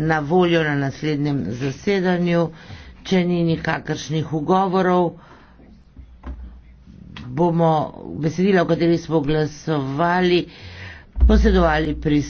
na voljo na naslednjem zasedanju, če ni nikakršnih ugovorov, bomo besedila, v kateri smo glasovali, posedovali pristop.